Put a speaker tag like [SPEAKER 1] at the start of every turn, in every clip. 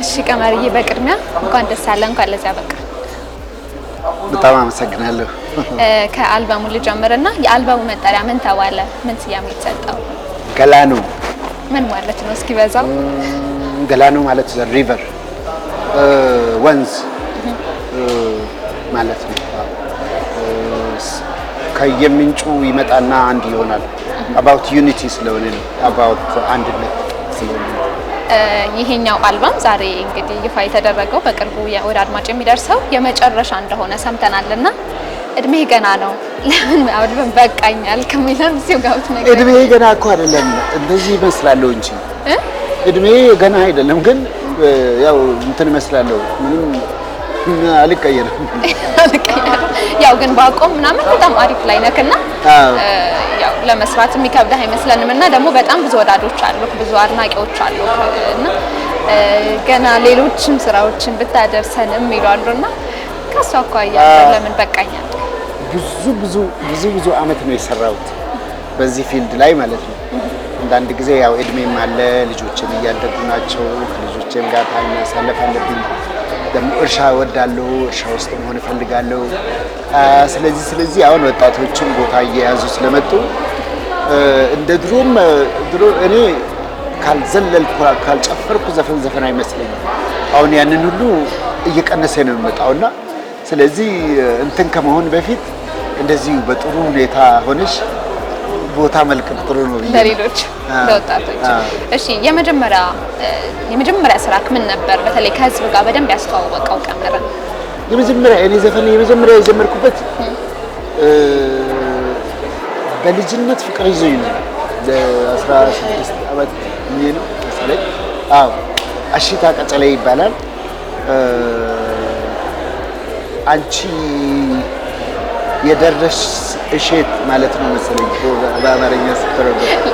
[SPEAKER 1] እሺ ቀመርዬ፣ በቅድሚያ እንኳን ደስ አለ፣ እንኳን ለዚያ በቃ
[SPEAKER 2] በጣም አመሰግናለሁ።
[SPEAKER 1] ከአልበሙ ልጀምርና የአልበሙ መጠሪያ ምን ተባለ? ምን ስያሜ የተሰጠው? ገላኖ ምን ማለት ነው? እስኪ በዛው
[SPEAKER 2] ገላኖ ማለት ሪቨር ወንዝ ማለት ነው። ከየምንጩ ይመጣና አንድ ይሆናል። አባውት ዩኒቲ ስለሆነ ነው። አባውት አንድነት ስለሆነ
[SPEAKER 1] ነው። ይሄኛው አልበም ዛሬ እንግዲህ ይፋ የተደረገው በቅርቡ ወደ አድማጭ የሚደርሰው የመጨረሻ እንደሆነ ሰምተናል እና እድሜ ገና ነው ለምን አልበም በቃኛል ከሚለም ሲው
[SPEAKER 2] ጋውት ነገር እድሜ ገና እኮ አይደለም እንደዚህ ይመስላለሁ እንጂ እድሜ ገና አይደለም። ግን ያው እንትን ይመስላለሁ ምንም አልቀየርም
[SPEAKER 1] ያው ግን በአቆም ምናምን በጣም አሪፍ ላይ ነህ ያው ለመስራት የሚከብድህ አይመስለንም እና ደግሞ በጣም ብዙ ወዳጆች አሉ፣ ብዙ አድናቂዎች አሉ እና ገና ሌሎችም ስራዎችን ብታደርሰንም ይሏሉ እና ከእሱ አኳያ ለምን በቃኛል።
[SPEAKER 2] ብዙ ብዙ ብዙ ብዙ አመት ነው የሰራሁት በዚህ ፊልድ ላይ ማለት ነው። አንዳንድ ጊዜ ያው እድሜም አለ ልጆችም እያደጉ ናቸው። ከልጆቼም ጋር ታይም ማሳለፍ አለብኝ። ደግሞ እርሻ እወዳለሁ፣ እርሻ ውስጥ መሆን እፈልጋለሁ። ስለዚህ ስለዚህ አሁን ወጣቶችን ቦታ እየያዙ ስለመጡ እንደ ድሮም ድሮ እኔ ካልዘለልኩ ካልጨፈርኩ ዘፈን ዘፈን አይመስለኝም። አሁን ያንን ሁሉ እየቀነሰ ነው የሚመጣው እና ስለዚህ እንትን ከመሆን በፊት እንደዚሁ በጥሩ ሁኔታ ሆነሽ ቦታ መልክም ጥሩ ነው
[SPEAKER 1] ለሌሎች ለወጣቶች። እሺ የመጀመሪያ የመጀመሪያ ስራ ምን ነበር? በተለይ ከህዝብ ጋር በደንብ ያስተዋወቀው ቀመረ።
[SPEAKER 2] የመጀመሪያ እኔ ዘፈን የመጀመሪያ የጀመርኩበት በልጅነት ፍቅር ይዞኝ ነው። ለ16 ዓመት እኔ ነው መሰለኝ። አዎ አሽታ ቀጨለ ይባላል። አንቺ የደረሽ እሼት ማለት ነው መሰለኝ በአማርኛ ስትረበት።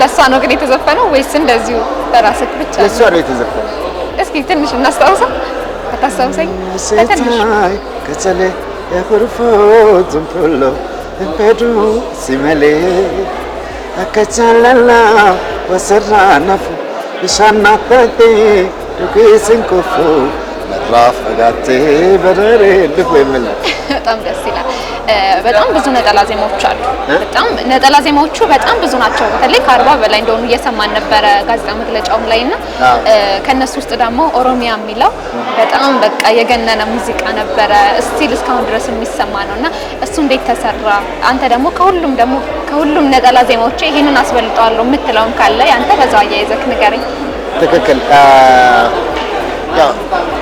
[SPEAKER 1] ለእሷ ነው ግን የተዘፈነው ወይስ እንደዚሁ በራስህ ብቻ?
[SPEAKER 2] ለእሷ ነው የተዘፈነው።
[SPEAKER 1] እስኪ ትንሽ እናስታውሰው። አታስታውሰኝ ሴታይ ከሰሌ የፍርፎ ዝንፍሎ እምፔዱ ሲመሌ አከቻለላ ወሰራነፉ እሻናታቴ ዱቄ ስንኮፉ መራፍ አጋቴ በደሬ ልፎ የምልህ በጣም ደስ ይላል። በጣም ብዙ ነጠላ ዜማዎች አሉ። በጣም ነጠላ ዜማዎቹ በጣም ብዙ ናቸው። በተለይ ከአርባ በላይ እንደሆኑ እየሰማን ነበረ ጋዜጣ መግለጫውም ላይ እና ከእነሱ ውስጥ ደግሞ ኦሮሚያ የሚለው በጣም በቃ የገነነ ሙዚቃ ነበረ። ስቲል እስካሁን ድረስ የሚሰማ ነው እና እሱ እንዴት ተሰራ? አንተ ደግሞ ከሁሉም ደግሞ ከሁሉም ነጠላ ዜማዎች ይህንን አስበልጠዋለሁ የምትለውም ካለ ያንተ በዛው አያይዘህ ንገረኝ።
[SPEAKER 2] ትክክል።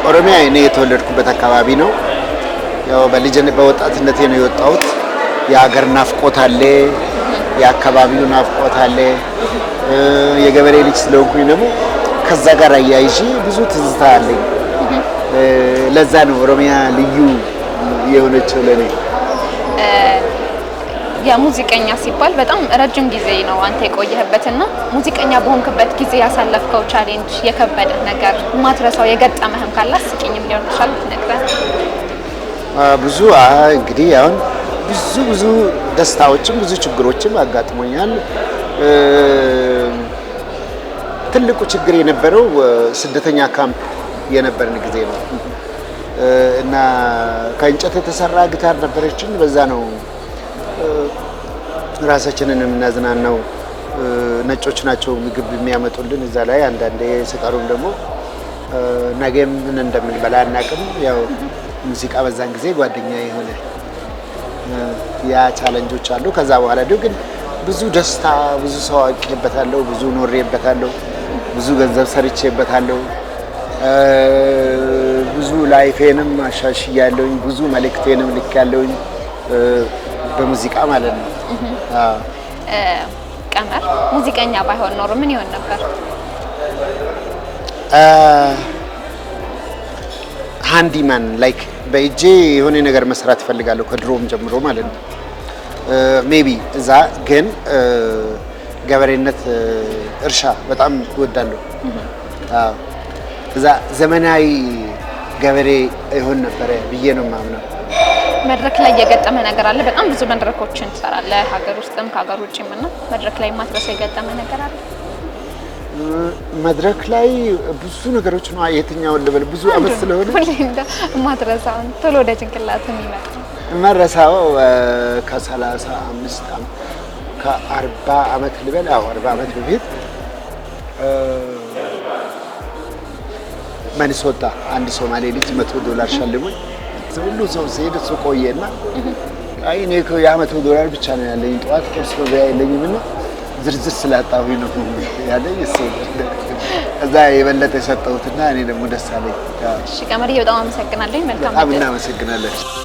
[SPEAKER 2] ኦሮሚያ እኔ የተወለድኩበት አካባቢ ነው። ያው በልጅን በወጣትነቴ ነው የወጣሁት። የሀገር ናፍቆት አለ፣ የአካባቢው ናፍቆት አለ። የገበሬ ልጅ ስለሆንኩኝ ደግሞ ከዛ ጋር አያይዤ ብዙ ትዝታ አለኝ። ለዛ ነው ኦሮሚያ ልዩ የሆነችው ለኔ።
[SPEAKER 1] የሙዚቀኛ ሲባል በጣም ረጅም ጊዜ ነው አንተ የቆየህበት እና ሙዚቀኛ በሆንክበት ጊዜ ያሳለፍከው ቻሌንጅ፣ የከበደ ነገር፣ ማትረሳው የገጠመህም ካለ አስቂኝም ሊሆን ይችላል ትነግረን
[SPEAKER 2] ብዙ እንግዲህ አሁን ብዙ ብዙ ደስታዎችም ብዙ ችግሮችም አጋጥሞኛል። ትልቁ ችግር የነበረው ስደተኛ ካምፕ የነበርን ጊዜ ነው እና ከእንጨት የተሰራ ግታር ነበረችን። በዛ ነው ራሳችንን የምናዝናናው። ነጮች ናቸው ምግብ የሚያመጡልን እዛ ላይ አንዳንዴ ስቀሩም ደግሞ ነገ ምን እንደምንበላ አናውቅም ያው ሙዚቃ በዛን ጊዜ ጓደኛ የሆነ ያ ቻለንጆች አሉ። ከዛ በኋላ ደግሞ ግን ብዙ ደስታ፣ ብዙ ሰው አውቄበታለሁ፣ ብዙ ኖሬበታለሁ፣ ብዙ ገንዘብ ሰርቼበታለሁ፣ ብዙ ላይፌንም ያለውኝ ብዙ መልእክቴንም ያለውኝ በሙዚቃ ማለት ነው።
[SPEAKER 1] ቀመር ሙዚቀኛ ባይሆን ኖሮ ምን ይሆን ነበር?
[SPEAKER 2] ሃንዲማን ላይክ በእጄ የሆነ ነገር መስራት እፈልጋለሁ ከድሮም ጀምሮ ማለት ነው። ሜቢ እዛ ግን ገበሬነት እርሻ በጣም እወዳለሁ። እዛ ዘመናዊ ገበሬ ይሆን ነበረ ብዬ ነው የማምነው።
[SPEAKER 1] መድረክ ላይ የገጠመ ነገር አለ? በጣም ብዙ መድረኮችን ትሰራለህ፣ ሀገር ውስጥም ከሀገር ውጭም እና መድረክ ላይ ማትረሰ የገጠመ ነገር አለ?
[SPEAKER 2] መድረክ ላይ ብዙ ነገሮች ነው። የትኛውን ልበል? ብዙ አመት ስለሆነ
[SPEAKER 1] ማትረሳውን ቶሎ ወደ ጭንቅላት የሚመጣ
[SPEAKER 2] መረሳው ከሰላሳ አምስት ከአርባ አመት ልበል። አዎ አርባ አመት በፊት ማኒሶታ አንድ ሶማሌ ልጅ መቶ ዶላር ሸልሞኝ ሁሉ ሰው ሲሄድ እሱ ቆየና፣ አይ እኔ ያ ዶላር ብቻ ነው ያለኝ ጠዋት ቁርስ መብያ የለኝም እና ዝርዝር ስላጣሁኝ ነው ያለኝ እሱ እዛ የበለጠ የሰጠሁትና እኔ ደግሞ ደስ አለኝ።
[SPEAKER 1] እሺ ቀመርዬ፣ በጣም አመሰግናለሁ።
[SPEAKER 2] መልካም እናመሰግናለን።